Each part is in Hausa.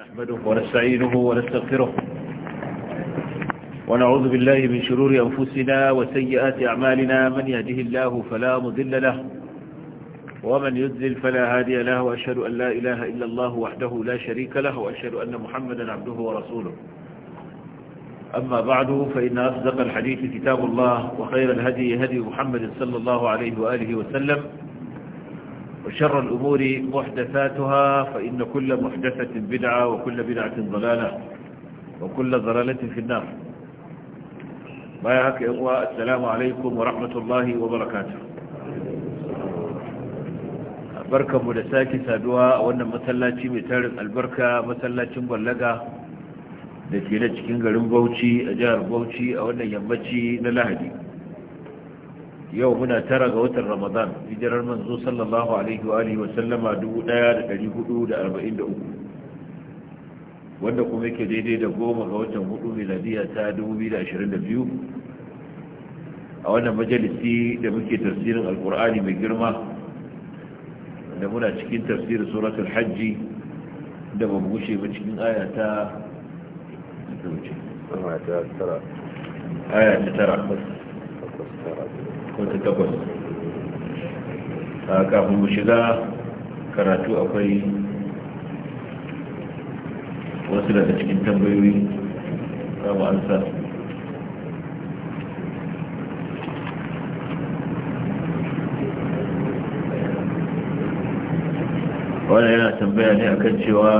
نحمده ونستعينه ونستغفره ونعوذ بالله من شرور أنفسنا وسيئات أعمالنا من يهده الله فلا مذل له ومن يذل فلا هادي له وأشهد أن لا إله إلا الله وحده لا شريك له وأشهد أن محمدا عبده ورسوله أما بعد فإن أصدق الحديث كتاب الله وخير الهدي هدي محمد صلى الله عليه وآله وسلم وشر الأمور محدثاتها فإن كل محدثة بدعة وكل بدعة ضلالة وكل ضلالة في النار بايعك إخوة السلام عليكم ورحمة الله وبركاته بركة مدساكي سادوا وانا مسلاتي متارف البركة مسلاتي مبلغة da ke na cikin garin bauchi a jihar bauchi a wannan yammaci na lahadi yau muna tara ga watan ramadan hijirar manzo sallallahu alaihi wa alihi wa sallama 1443 wanda kuma yake daidai da goma ga watan hudu miladiya ta 2022 a wannan majalisi da muke tafsirin alkur'ani mai girma da muna cikin tafsir suratul hajji da ba gushe ba cikin aya ta aya ta tara ko kafin mu shiga karatu akwai wasu daga cikin tambayoyi kama ansa wannan yana tambaya ne akan cewa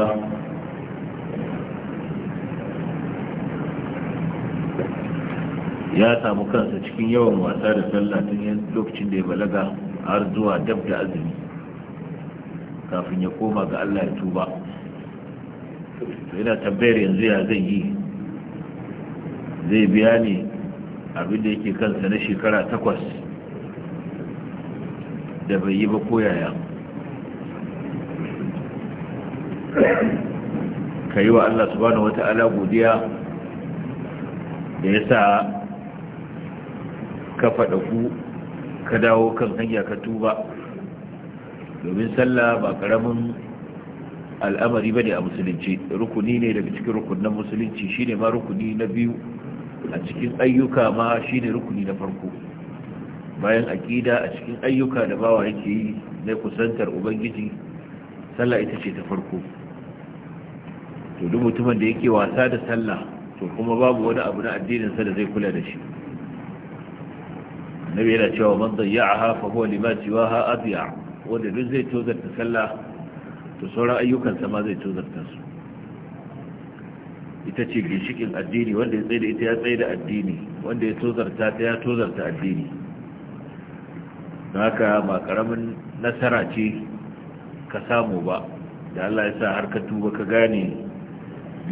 ya samu kansa cikin yawan wasa da sallah tun lokacin da ya balaga har zuwa dab da azumi kafin ya koma ga Allah ya tuba to yana tambayar yanzu ya zai yi zai biya ne abinda da yake kansa na shekara takwas da bai yi ba koyaya ka yi wa Allah su wata wata'ala godiya da ya sa ka faɗaku ka dawo kan hanya ka tuba domin sallah ba ƙaramin al'amari ba ne a musulunci rukuni ne daga cikin rukunin musulunci shine ma rukuni na biyu a cikin ayyuka ma shine rukuni na farko bayan aƙida a cikin ayyuka da bawa yake yi na kusantar ubangiji sallah ita ce ta farko to duk mutumin da yake wasa da sallah to kuma babu wani abu na addininsa da zai kula da shi nabi yana cewa man dayya'aha fa huwa lima jiwaha adiya wanda duk zai tozarta sallah to sauran ayyukansa ma zai tozarta su ita ce ginshikin addini wanda ya tsaye da ita ya tsaye da addini wanda ya tozarta ta ya tozarta addini haka ba karamin nasara ce ka samu ba da Allah ya sa har ka tuba ka gane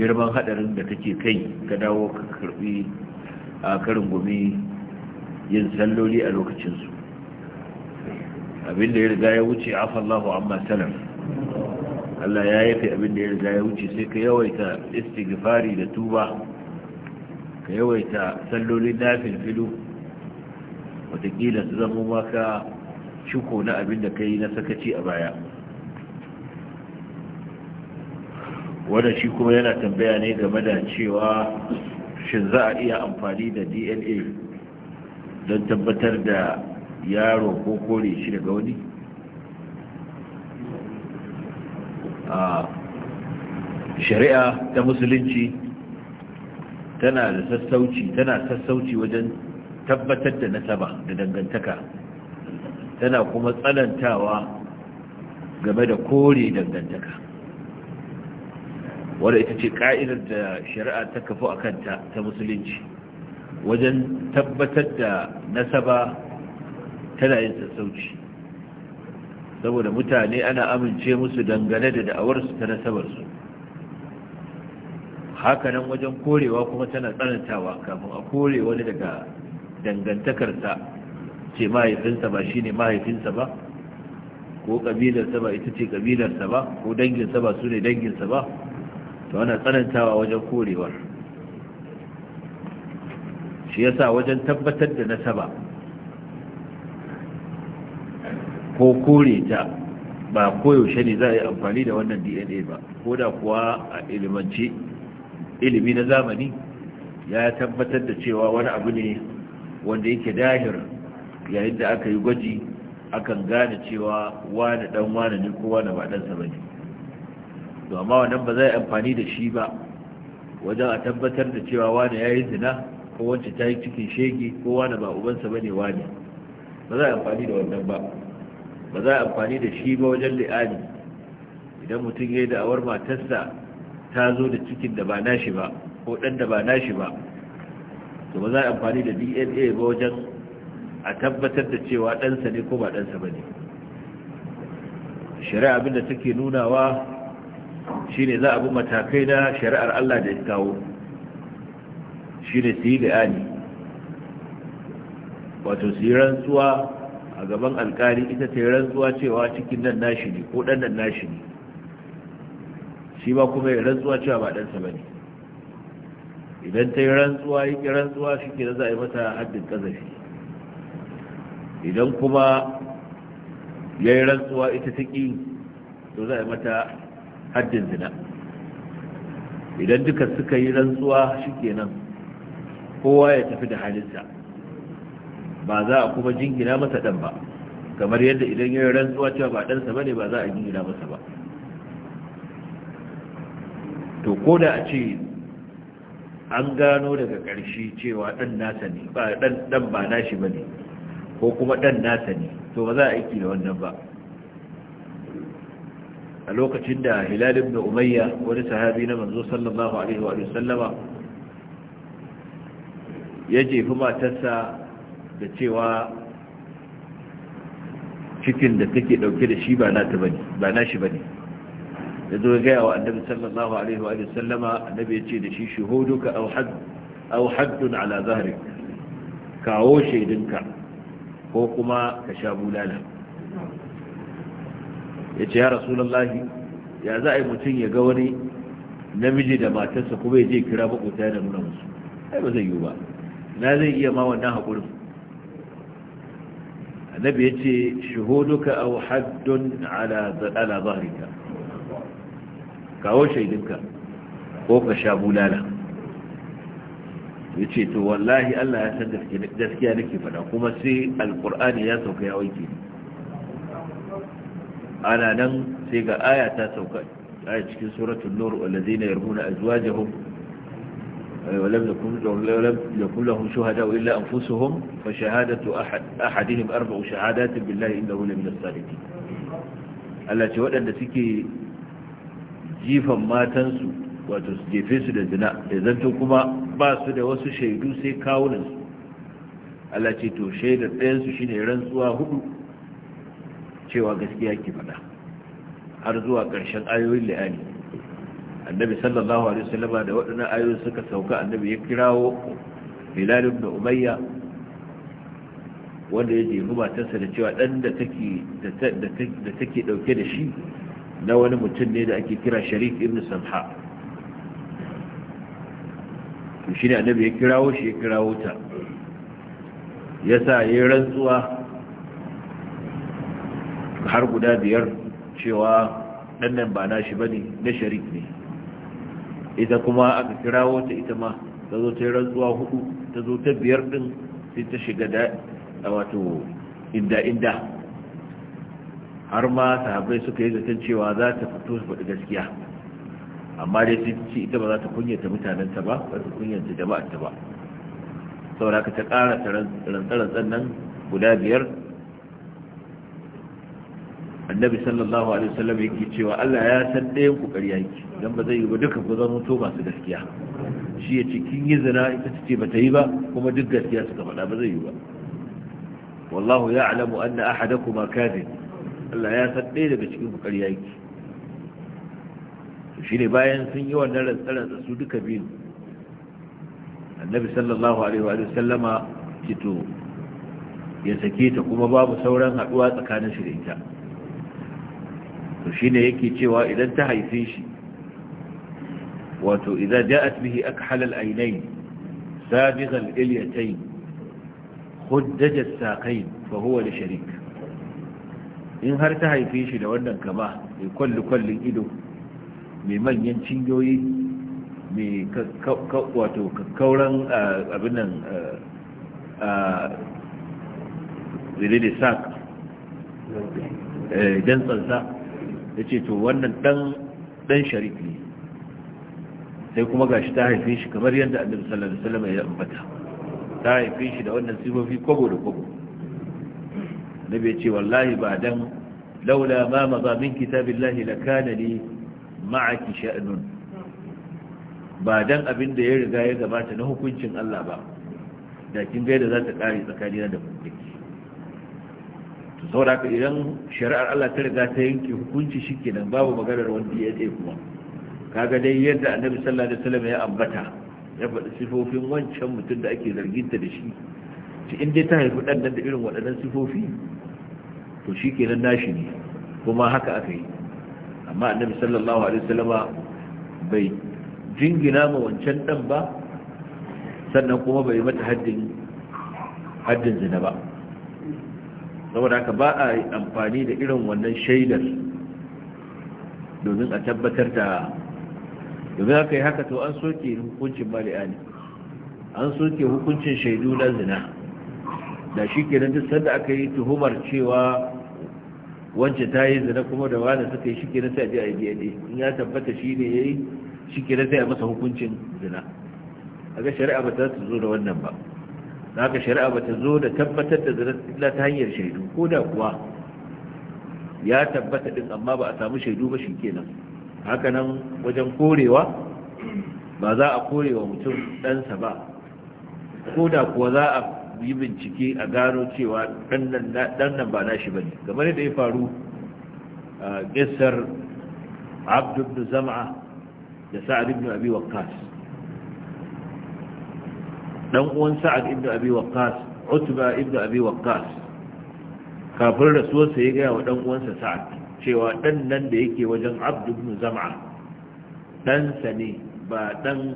girman hadarin da take kai ka dawo ka karbi a karin gumi yin salloli a lokacinsu abinda ya riga ya wuce afallahu amma salam Allah ya yafe abinda ya riga ya wuce sai ka yawaita istighfari da tuba ka yawaita sallolin nafin filu watakila su zama maka shuko na abinda ka yi na sakaci a baya wanda shi kuma yana tambaya ne game da cewa shin za a iya amfani da dna don tabbatar da yaro ko kore shi daga wani a shari'a ta musulunci tana da sassauci tana sassauci wajen tabbatar da nasaba da dangantaka tana kuma tsanantawa game da kore dangantaka wadda ita ce ka'idar da shari'a ta kafu a kanta ta musulunci wajen tabbatar da nasaba tana yin sassauci saboda mutane ana amince musu dangane da da'awarsu ta nasabarsu hakanan wajen korewa kuma tana tsanantawa kafin a kore wani daga dangantakarsa ce mahaifinsa ba shine mahaifinsa ba ko ƙabilarsa ba ita ce ƙabilarsa ba ko danginsa ba su ne danginsa ba to ana tsanantawa wajen korewar shi yasa wajen tabbatar da nasaba ko kore ta ba koyaushe ne za a yi amfani da wannan dna ba ko da kuwa a ilimance ilimi na zamani ya tabbatar da cewa wani abu ne wanda yake dahir yayin da aka yi gwaji akan gane cewa wani dan wani ne ko wani ba ɗansa ba ne to amma wannan ba za a yi amfani da shi ba wajen a tabbatar da cewa wani ya yi zina ko wacce ta yi cikin shege ko wani ba ubansa bane wani ba za a amfani da wannan ba ba za a amfani da shi ba wajen li'ani idan mutum ya yi da'awar matarsa ta zo da cikin da ba nashi ba ko ɗan da ba nashi ba to ba za a amfani da dna ba wajen a tabbatar da cewa ɗansa ne ko ba ɗansa ba ne shari'a abinda take nunawa shine za a bi matakai na shari'ar allah da ya kawo shi ne su yi li'ani wato su yi rantsuwa a gaban alkali ita ta yi rantsuwa cewa cikin nan nashi ne ko ɗan nan nashi ne shi ba kuma yi rantsuwa cewa ba ɗansa ba ne idan ta yi rantsuwa yi ƙi rantsuwa shi ke za a yi mata haddin ƙazafi idan kuma ya yi rantsuwa ita ta ƙi to za a yi mata haddin zina idan duka suka yi rantsuwa shi kenan kowa ya tafi da halinsa ba za a kuma jingina masa dan ba kamar yadda idan ya rantsuwa cewa ba ɗansa ba ne ba za a jingina masa ba to ko da a ce an gano daga ƙarshe cewa ɗan nasa ne ba ɗan ba nashi ba ne ko kuma ɗan nasa ne to ba za a aiki da wannan ba a lokacin da hilal da umayya wani sahabi na manzo sallallahu alaihi wa sallama ya jefi matarsa da cewa cikin da take dauke da shi ba nata bane ba nashi bane da zo ga yawa annabi sallallahu alaihi wa sallama annabi yace da shi shuhuduka aw hadd aw haddun ala zahrik kawo shaidinka ko kuma ka sha bulala yace ya rasulullahi ya za a yi mutum ya ga wani namiji da matarsa kuma ya je kira maƙota da nuna musu ai ba zai yiwu ba na zai iya ma wannan haƙurin annabi ya ce shahuduka aw haddun ala ala zahrika kawo shaidinka ko ka sha bulala ya ce to wallahi Allah ya san gaskiya nake faɗa kuma sai alƙur'ani ya sauka ya wanke ni ana nan sai ga aya ta sauka a cikin suratul nur wallazina yarmuna azwajahum ولم يكن لم يكن لهم شهداء الا انفسهم فشهاده احد احدهم اربع شهادات بالله انه لمن الصادقين التي ودان سكي جيفان ماتنسو wato su jefe su da zina da zantun kuma ba su da wasu shaidu sai kawunansu alace to shaidar ɗayansu shine rantsuwa hudu cewa gaskiya ke faɗa. har zuwa ƙarshen ayoyin liyanin annabi sallallahu alaihi wasallama da waɗannan ayoyi suka sauka annabi ya kirawo bilal ibn umayya wanda ya jefi matarsa da cewa ɗan da take ɗauke da shi na wani mutum ne da ake kira sharif ibn samha shi ne annabi ya kirawo shi ya kirawo ta ya sa ya yi rantsuwa har guda biyar cewa nan ba na shi ba ne na sharif ne ita kuma aka kirawo ta ita ma ta zo ta yi rantsuwa hudu ta zo ta biyar din sai ta shiga da wato inda inda har ma sahabai suka yi zaton cewa za ta fito su faɗi gaskiya amma dai sai ce ita ba za ta kunyata mutanenta ba ba ta kunyata ta ba saboda ka ta ƙara rantsarantsar nan guda biyar annabi sallallahu alaihi wasallam yake cewa Allah ya san ɗayan ku ƙarya yake dan ba zai yi ba duka ku zama to masu gaskiya shi ya ce kin yi zina ita ce bata yi ba kuma duk gaskiya suka faɗa ba zai yi ba wallahu ya'lamu anna ahadakuma kadhib Allah ya san ɗaya daga cikin ku ƙarya yake shi ne bayan sun yi wannan rantsarantsa su duka biyu annabi sallallahu alaihi wa sallama cito ya sake ta kuma babu sauran haɗuwa tsakanin shi da ita to shine yake cewa idan ta haife shi wato idan ja'at bihi akhal al-aynayn sabigh al-ilyatayn khuddaj as-saqayn fa huwa li sharik in har ta haife shi da wannan kama mai kwalli kwallin ido mai manyan cinyoyi mai wato kakkauran abin nan zire eh, da sak don tsansa ya ce to wannan dan sharif ne sai kuma gashi ta haife shi kamar yadda annabi sallallahu alaihi wasallam ya ambata ta haife shi da wannan sifofi kwabo da kwabo annabi ya ce wallahi ba dan laula ma maza min kitabillahi lakana li ma'aki sha'nun ba dan abin da ya riga ya gabata na hukuncin Allah ba da kin ga yadda za ta kare tsakanina da kuke saboda haka idan shari'ar Allah ta riga ta yanke hukunci shi nan babu maganar wanda ya ce kuma kaga dai yadda annabi sallallahu alaihi wasallam ya ambata ya faɗi sifofin wancan mutum da ake zarginta da shi shi in dai ta haifi dan nan da irin waɗannan sifofi to shi nan nashi ne kuma haka aka yi amma annabi sallallahu alaihi wasallam bai jingina ma wancan ɗan ba sannan kuma bai mata haddin haddin zina ba saboda haka ba a amfani da irin wannan shaidar domin a tabbatar da domin haka yi haka to an soke hukuncin mari'a ne an soke hukuncin shaidu na zina da shi kenan duk sanda aka yi tuhumar cewa wance ta yi zina kuma da wani suka yi shi ke nasa a je a in ya tabbata shi ne ya yi shi ke sai a masa hukuncin zina a ga shari'a ba ta zo da wannan ba haka shari'a ba ta zo da tabbatar da zarar illa ta hanyar shaidu ko da kuwa ya tabbata din amma ba a samu shaidu ba shi haka nan wajen korewa ba za a korewa mutum ɗansa ba ko da kuwa za a yi bincike a gano cewa ɗan nan ba nashi ba ne game da ya faru a gisar abdul zama da sa'ad ibn abi waqqas dan uwan sa'ad ibnu abi waqqas utba ibnu abi waqqas kafin rasuwarsa ya gaya wa dan uwansa sa'ad cewa dan nan da yake wajen abd ibn zam'a dan sa ne ba dan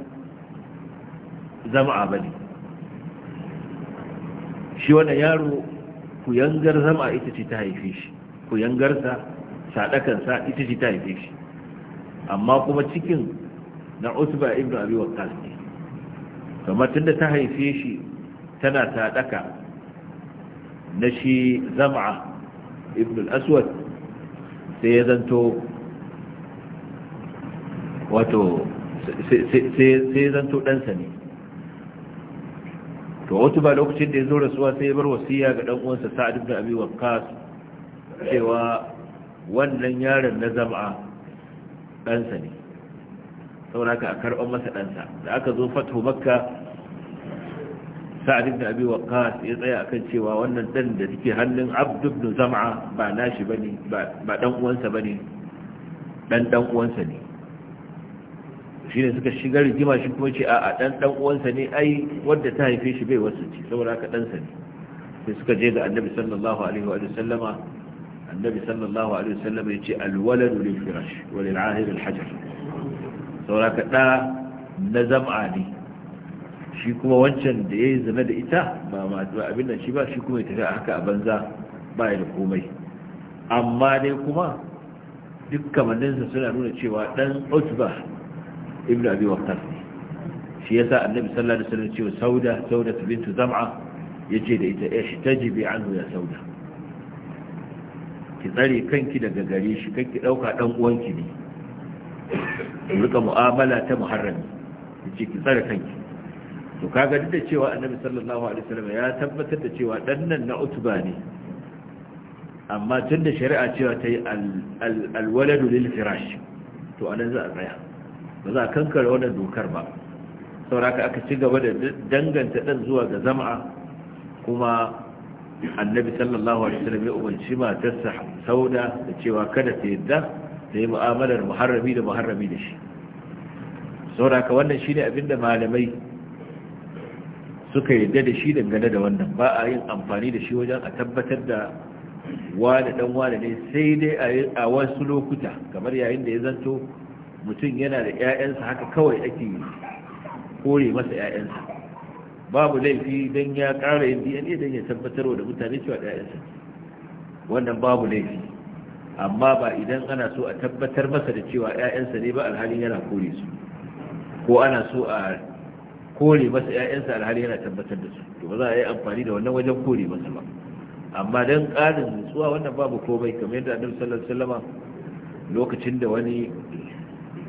zam'a bane shi wannan yaro ku yangar zam'a ita ce ta haife shi Ku sadakan sa ita ce ta haife shi amma kuma cikin na usba ibn abi waqqas kamar tunda ta haife shi tana sadaka na shi zama ibn al-aswad sai ya zanto wato sai ya zanto ɗansa ne to wata ba lokacin da ya zo rasuwa sai ya bar wasiya ga ɗan'uwansa uwansa sa'ad ibn abi waqqas cewa wannan yaron na zama ɗansa ne saboda ka karɓar masa ɗansa da aka zo fatho makka sa'ad ibn abi waqqas ya tsaya akan cewa wannan dan da take hannun abd ibn zam'a ba nashi bane ba dan uwansa bane dan dan uwansa ne shine suka shigar rigima shi kuma ce a dan dan uwansa ne ai wanda ta haife shi bai wasu ci saboda ka dan ne sai suka je ga annabi sallallahu alaihi wa sallama annabi sallallahu alaihi wa sallama yace al waladu lil firash wa lil ahir al hajar sauraka ɗa na zama ne shi kuma wancan da ya yi zina da ita ba abin da shi ba shi kuma ya tafi a haka a banza ba ya da komai amma dai kuma duk kamanninsa suna nuna cewa ɗan utba ibn abi waqas ne shi yasa annabi sallallahu alaihi wasallam cewa sauda sauda bintu zam'a ce da ita ta jibi an ya sauda ki tsare kanki daga gare shi kanki ɗauka ɗan uwanki ne in rika mu'amala ta muharrami yace ki tsare kanki to ka duk da cewa annabi sallallahu alaihi wasallam ya tabbatar da cewa dan nan na utuba ne amma tun da shari'a cewa ta yi alwaladu lil firash to anan za a tsaya ba za a kankare wannan dokar ba sauraka aka ci gaba da danganta dan zuwa ga zama'a kuma annabi sallallahu alaihi wasallam ya umarci matarsa sauda da cewa kada ta yadda da yi mu'amalar muharrami da muharrami da shi sauraka wannan shine abinda malamai suka yadda da shi dangane da wannan ba a yin amfani da shi wajen a tabbatar da wane dan wane ne sai dai a wasu lokuta kamar yayin da ya zanto mutum yana da 'ya'yansa haka kawai ake kore masa 'ya'yansa babu laifi don ya ƙara yin dna don ya tabbatarwa da mutane cewa 'ya'yansa wannan babu laifi amma ba idan ana so a tabbatar masa da cewa 'ya'yansa ne ba alhalin yana kore su ko ana so a kore masa 'ya'yansa alhalin yana tabbatar da su to ba za a yi amfani da wannan wajen kore masa ba amma dan ƙarin nutsuwa wannan babu komai kamar yadda annabi sallallahu alaihi lokacin da wani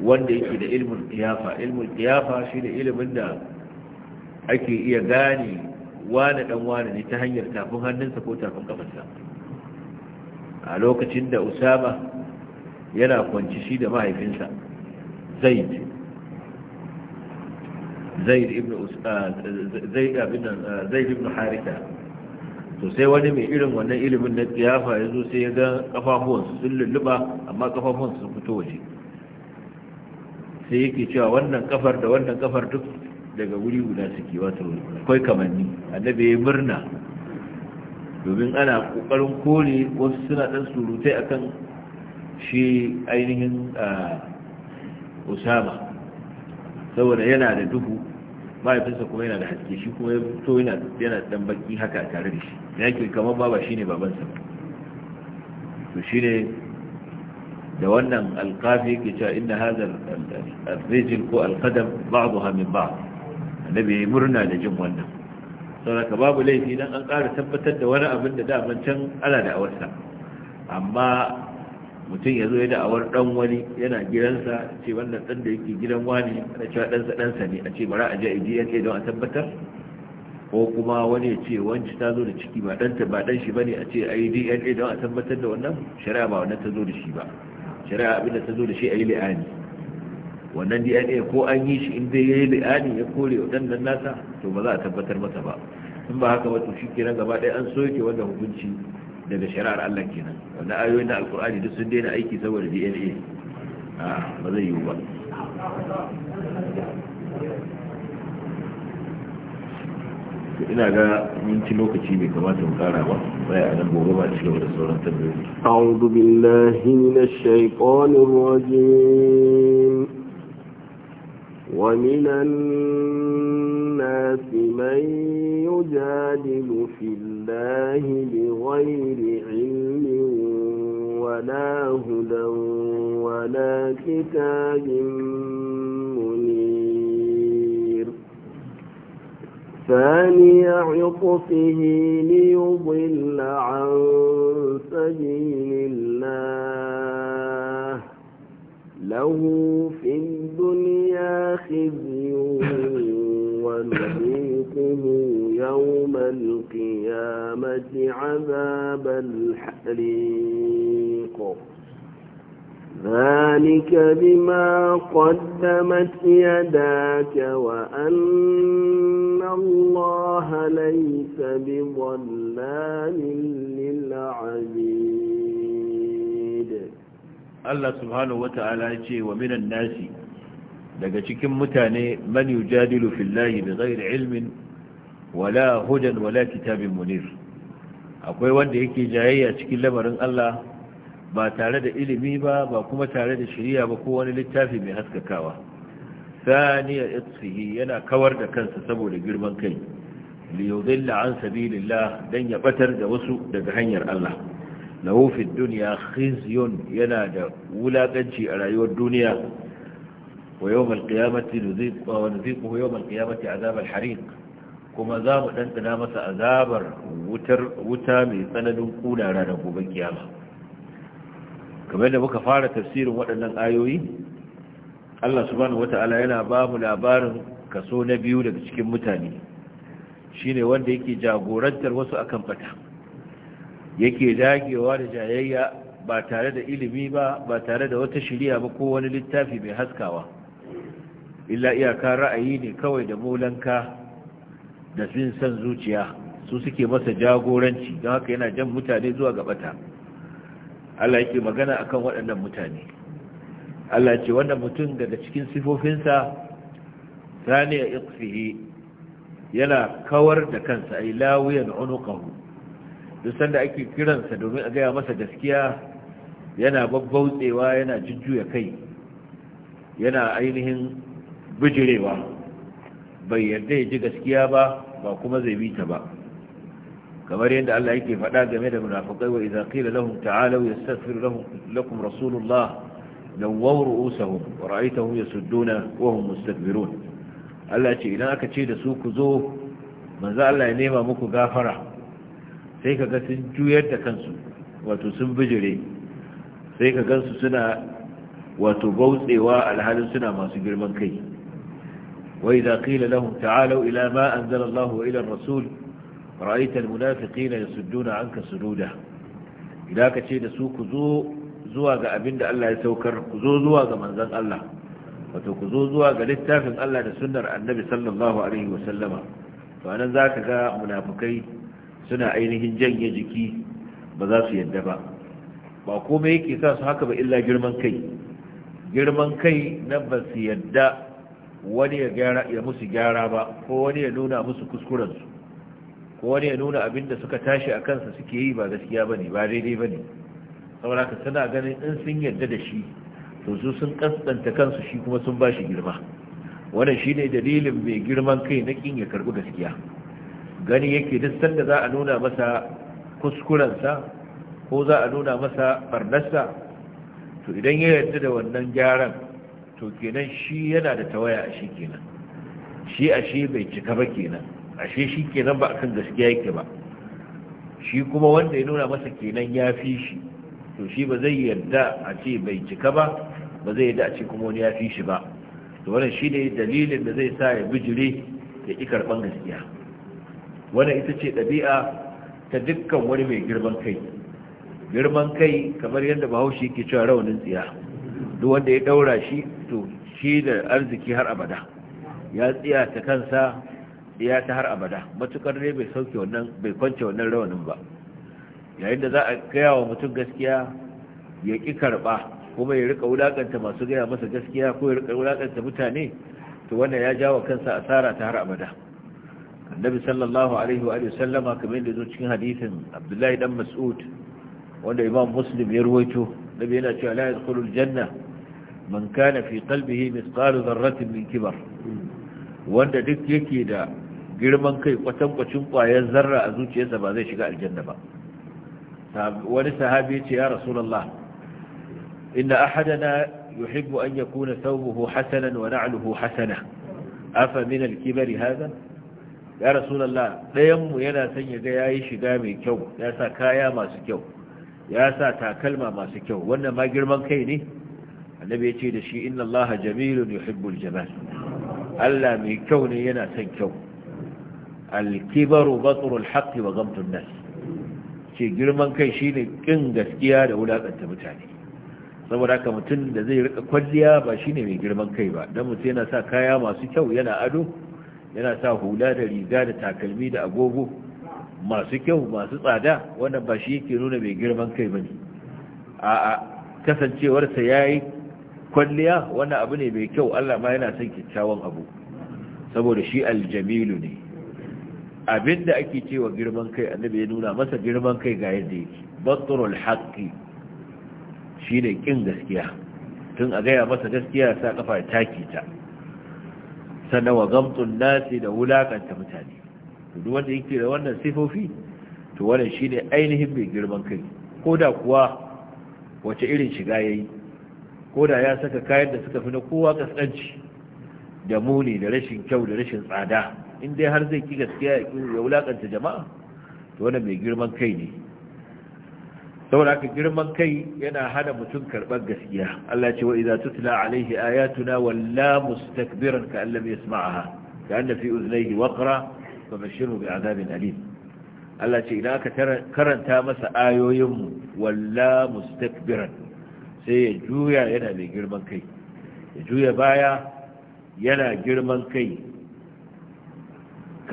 wanda yake da ilmin kiyafa ilmin kiyafa shi ilimin da ake iya gane wane dan wane ne ta hanyar tafin hannunsa ko tafin kafarsa a lokacin da usama yana kwanci shi da mahaifinsa zaid zaid ibn harita to sai wani mai irin wannan ilimin na tsiyafa ya zo sai ya ga kafafuwansu sun lulluba amma kafafuwansu sun fito waje sai yake cewa wannan kafar da wannan kafar duk daga wuri guda suke wato akwai kamanni annabi ya murna domin ana kokarin kore wasu suna dan surutai akan shi ainihin usama saboda yana da duhu mahaifinsa kuma yana da haske shi kuma ya fito yana dan baki haka tare da shi yake kamar baba shi ne babansa ba to ne da wannan alkafi ke cewa inna hadha al-rijl ko al-qadam ba'daha min ba'd annabi murna da jin wannan saboda babu laifi dan an ƙara tabbatar da wani abin da daman can ana da awarsa amma mutum ya zo ya da'awar dan wani yana gidansa ce wannan dan da yake gidan wani na cewa ɗansa ɗansa ne a ce bara a je a DNA don a tabbatar ko kuma wani ya ce wanci ta zo da ciki ba ɗanta ba ɗan shi bane a ce a yi DNA don a tabbatar da wannan shari'a ba wannan ta zo da shi ba shari'a abin da ta zo da shi a yi la'ani. wannan dna ko an yi shi inda ya yi li'ani ya kore waɗannan nasa to ba za a tabbatar masa ba in ba haka wato shi kenan gaba ɗaya an soke wannan hukunci daga shari'ar allah kenan wannan ayoyin na alkur'ani duk sun daina aiki saboda dna a ba zai yi ba ina ga minti lokaci bai kamata mu kara ba sai a nan gobe ba ci gaba da sauran tabbayoyi a'udhu billahi minash shaitanir rajim ومن الناس من يجادل في الله بغير علم ولا هدى ولا كتاب منير ثاني عطفه ليضل عن سبيل الله له في الدنيا خزي ونذيقه يوم القيامة عذاب الحريق ذلك بما قدمت يداك وأن الله ليس بظلام للعبيد Allah subhanahu wata'ala ya ce wa minan nasi daga cikin mutane man yujadilu fillahi da ilmin wala hudan wala kitabin munir akwai wanda yake jayayya cikin lamarin Allah ba tare da ilimi ba ba kuma tare da shari'a ba ko wani littafi mai haskakawa saniya itfihi yana kawar da kansa saboda girman kai li yudilla an sabilillah dan ya batar da wasu daga hanyar Allah lahu fid dunya khizyun yana da wulakanci a rayuwar duniya wa yawmal qiyamati nuziqu wa qiyamati azab al hariq kuma za mu dantana masa azabar wutar wuta mai tsananin kuna ranar gobe kiyama kamar da muka fara tafsirin waɗannan ayoyi Allah subhanahu wata'ala yana ba mu labarin kaso na biyu daga cikin mutane shine wanda yake jagorantar wasu akan fata yake dagewa da jayayya ba tare da ilimi ba ba tare da wata shirya ba ko wani littafi mai haskawa illa iyaka ra'ayi ne kawai da molanka da sun san zuciya su suke masa jagoranci don haka yana jan mutane zuwa gabata Allah yake magana akan waɗannan mutane Allah ce wannan mutum daga cikin sifofinsa saniya iqfihi yana kawar da kansa ay lawiyan unuqahu duk sanda ake kiransa domin a gaya masa gaskiya yana babbautsewa yana jujjuya kai yana ainihin bijirewa bai yarda ya ji gaskiya ba ba kuma zai bita ba kamar yadda Allah yake faɗa game da munafiqai wa idza qila lahum ta'alu yastaghfir lahum lakum rasulullah lawaw ru'usahum wa ra'aytahum yasudduna wa hum mustakbirun Allah ce idan aka ce da su ku zo manzo Allah ya nema muku gafara sai ka ga sun juyar da kansu wato sun bijire sai ka suna wato bautsewa alhalin suna masu girman kai wai za kila lahun ta'alau ila ma an zara Allah wa ilan rasul ra'aitar munafiqina ya sudduna an ka sududa idan ka ce da su ku zo zuwa ga abin Allah ya saukar ku zo zuwa ga manzan Allah wato ku zo zuwa ga littafin Allah da sunnar annabi sallallahu alaihi wa sallama to anan za ka ga munafukai? suna ainihin janye jiki ba za su yadda ba ba komai yake sa su haka ba illa girman kai girman kai na ba su yadda wani ya musu gyara ba ko wani ya nuna musu kuskurensu ko wani ya nuna abin da suka tashi a kansa suke yi ba gaskiya ba ne ba daidai ba ne saboda ka suna ganin in sun yadda da shi to su sun kaskanta kansu shi kuma sun ba shi girma wannan shine dalilin mai girman kai na kin ya karɓi gaskiya gani yake duk sanda za a nuna masa kuskurensa ko za a nuna masa barnarsa to idan ya yarda da wannan gyaran to kenan shi yana da tawaya a shi kenan shi a shi bai cika ba kenan a shi shi kenan ba akan gaskiya yake ba shi kuma wanda ya nuna masa kenan ya fi shi to shi ba zai yarda a ce bai cika ba ba zai yarda a ce kuma wani ya fi shi ba to wannan shi ne dalilin da zai sa ya bijire ya ƙi karɓan gaskiya wannan ita ce ɗabi'a ta dukkan wani mai girman kai girman kai kamar yadda bahaushe ke cewa raunin tsiya duk wanda ya daura shi to shi da arziki har abada ya tsiya ta kansa ya ta har abada matukar ne bai sauke wannan bai kwance wannan rawanin ba yayin da za a gaya wa mutum gaskiya ya ƙi karba kuma ya rika wulaƙanta masu gaya masa gaskiya ko ya rika wulaƙanta mutane to wannan ya jawo kansa asara ta har abada annabi sallallahu alaihi wa sallama kamar yadda zo cikin hadisin abdullahi dan mas'ud wanda imam muslim ya ruwaito nabi yana cewa la yadkhulul janna man kana fi qalbihi mithqalu dharratin min kibar wanda duk yake da girman kai kwatankwacin kwayar zarra a zuciyarsa ba zai shiga aljanna ba wani sahabi ce ya rasulullah inna ahadana yuhibbu an yakuna thawbuhu hasanan wa na'luhu hasana afa min al-kibari hadha ya rasulallah ɗayanmu yana son ya ga ya yi shiga mai kyau ya sa kaya masu kyau ya sa takalma masu kyau wannan ma girman kai ne annabi ya ce da shi inna allaha jamilun yuhibbul jamal allah mai kyau ne yana son kyau alkibaru batrul haqqi wa ghamtun nas ce girman kai shine kin gaskiya da wulakanta mutane saboda haka mutum da zai rika kwalliya ba shine mai girman kai ba dan mutum yana sa kaya masu kyau yana ado yana sa hula da riga da takalmi da agogo masu kyau masu tsada wannan ba shi yake nuna mai girman kai bane a kasancewarsa yayi kwalliya wannan abu ne mai kyau Allah ma yana son kyakkyawan abu saboda shi aljamilu ne Abin da ake cewa girman kai annabi ya nuna masa girman kai ga yadda yake batrul haqqi shine ƙin gaskiya tun a gaya masa gaskiya sa kafa taki ta sannan wa gamtun nasi da wulakanta mutane duk wanda yake da wannan sifofi to wannan shine ainihin mai girman kai ko da kuwa wace irin shiga yayi ko da ya saka kayan da suka fi na kowa kaskanci da muni da rashin kyau da rashin tsada in dai har zai ki gaskiya ya wulakanta jama'a to wannan mai girman kai ne saboda haka girman kai yana hana mutum karɓar gaskiya Allah ce wa idza tutla alaihi ayatuna walla mustakbiran ka allam yasma'aha ka anna fi uznayhi waqra fa bashirhu bi adabin alim Allah ce idan aka karanta masa ayoyin mu walla mustakbiran sai ya juya yana mai girman kai ya juya baya yana girman kai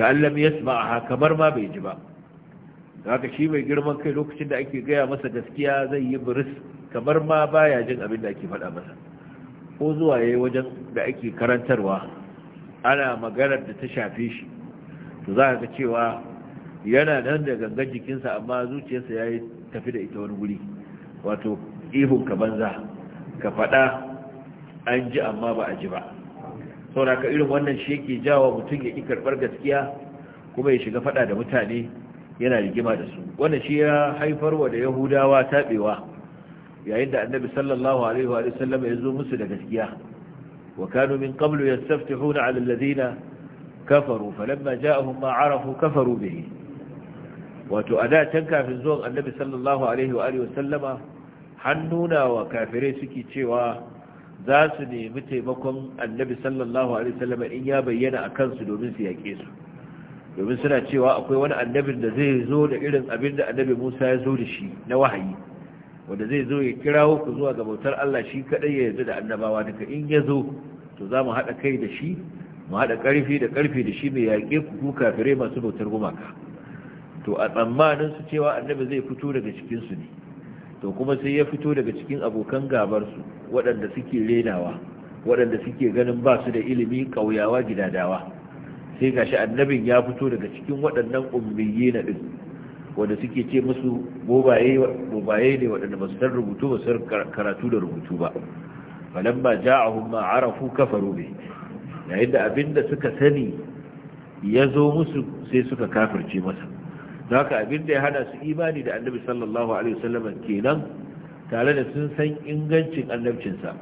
ka allam yasma'aha kamar ma bai ji ba haka shi mai girman kai lokacin da ake gaya masa gaskiya zai yi buris kamar ma baya jin abin da ake faɗa masa ko zuwa ya yi wajen da ake karantarwa ana maganar da ta shafe shi to za ka cewa yana nan da gangan jikinsa amma zuciyarsa ya yi tafi da ita wani wuri wato ihun ka banza ka faɗa an ji amma ba a ji ba saboda ka irin wannan shi yake jawa mutum ya ƙi karɓar gaskiya kuma ya shiga faɗa da mutane yana rigima da su wannan shi ya haifarwa da yahudawa taɓewa yayin da annabi sallallahu alaihi wa sallam ya zo musu da gaskiya wa kanu min qablu yastaftihuna ala alladhina kafaru falamma ja'ahum ma arafu kafaru bihi wato a da can kafin zuwan annabi sallallahu alaihi wa hannuna wa kafirai suke cewa za su nemi taimakon annabi sallallahu alaihi wa in ya bayyana a kansu domin su yaƙe su domin suna cewa akwai wani annabin da zai zo da irin abin da annabi Musa ya zo da shi na wahayi wanda zai zo ya kirawo ku zuwa ga bautar Allah shi kadai ya yarda da annabawa duka in ya zo to za mu haɗa kai da shi mu haɗa ƙarfi da ƙarfi da shi mai yaƙe ku kafirai masu bautar gumaka to a tsammanin su cewa annabi zai fito daga cikin su ne to kuma sai ya fito daga cikin abokan gabar su waɗanda suke renawa waɗanda suke ganin ba su da ilimi ƙauyawa gidadawa sai gashi annabin ya fito daga cikin waɗannan ummiyi na ɗin wanda suke ce musu bobaye ne waɗanda ba su san rubutu ba su karatu da rubutu ba falamma a ma arafu kafaru ne. yayin da abinda suka sani ya zo musu sai suka kafirce masa ka haka abinda ya hada su imani da annabi sallallahu alaihi wasallam kenan tare da sun san ingancin annabcinsa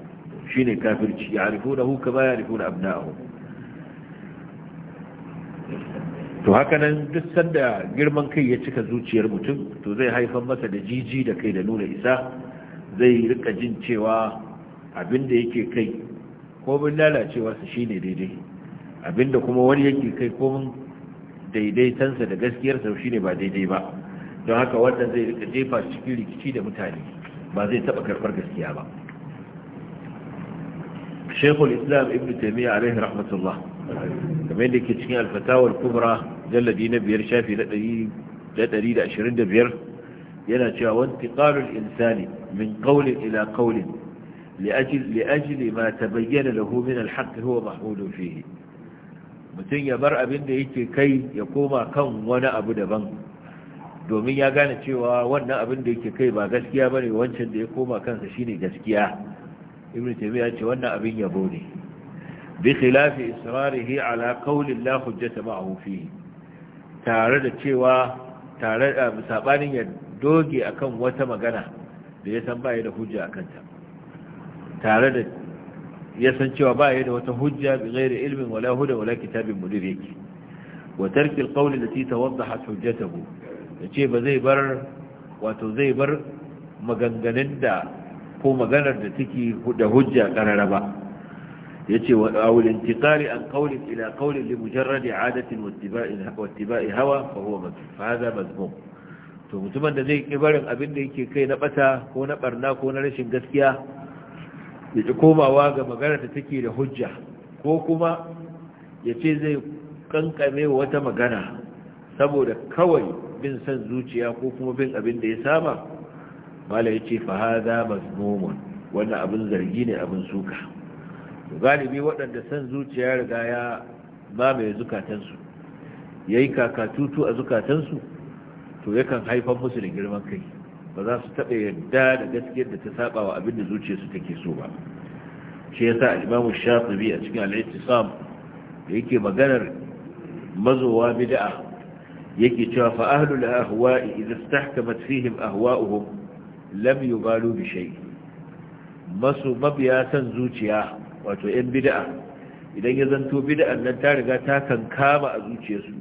shine kafirci ya arifu da hu kama ya arifu da abna'ahu to haka nan duk sanda girman kai ya cika zuciyar mutum to zai haifar masa da jiji da kai da nuna isa zai rika jin cewa abin da yake kai ko mun lalacewa su shine daidai abin kuma wani yake kai ko daidai daidaitansa da gaskiyarsa shine ba daidai ba don haka wannan zai rika jefa cikin rikici da mutane ba zai taba karbar gaskiya ba Sheikhul islam ibn Taymiyyah alaihi rahmatullah kamar da ke cikin alfatawar kubra mujalladi na biyar shafi na ɗari da ashirin da biyar yana cewa wanti ƙarin insani min ƙaunin ila ƙaunin li'ajili ma ta bayyana da homin alhaƙi huwa mahmudun fiye mutum ya bar abin da yake kai ya koma kan wani abu daban domin ya gane cewa wannan abin da yake kai ba gaskiya ba ne, wancan da ya koma kansa shine gaskiya ibn ya ce wannan abin yabo ne bi khilafi israrihi ala qawli la hujjata ma'ahu fihi tare da cewa tare da sabanin ya doge akan wata magana da ya san baya da hujja a kanta tare da ya san cewa baya da wata hujja bi ghairi ilmin wala huda wala kitabin mudir yake wa tarki alqawl allati tawaddahat hujjatuhu yace ba zai bar wato zai bar maganganun da ko maganar da take da hujja karara ba yace wa awil intiqali an qawlin ila qawlin li mujarradi adatin wattiba'i hawa fa huwa mazmum fa hadha mazmum to mutumin da zai ki barin abin da yake kai na bata ko na barna ko na rashin gaskiya ya ki komawa ga magana ta take da hujja ko kuma ya ce zai kankame wata magana saboda kawai bin san zuciya ko kuma bin abin da ya saba mala ya ce fa hadha mazmumun wannan abin zargi ne abin suka galibi waɗanda san zuciya riga ya mamaye zukatansu ya yi kakatutu a zukatansu to yakan haifar musu da girman kai ba za su taɓa yadda da gaskiyar da ta saba wa abin da zuciyarsu take so ba shi ya sa alimamu shafi a cikin sam da yake maganar mazowa bida'a yake cewa fa ahlul ahwa'i idza istahkamat fihim ahwa'uhum lam yubalu bi shay masu mabiya san zuciya wato yan bida'a idan ya zanto bida'ar nan ta riga ta kankama a zuciyarsu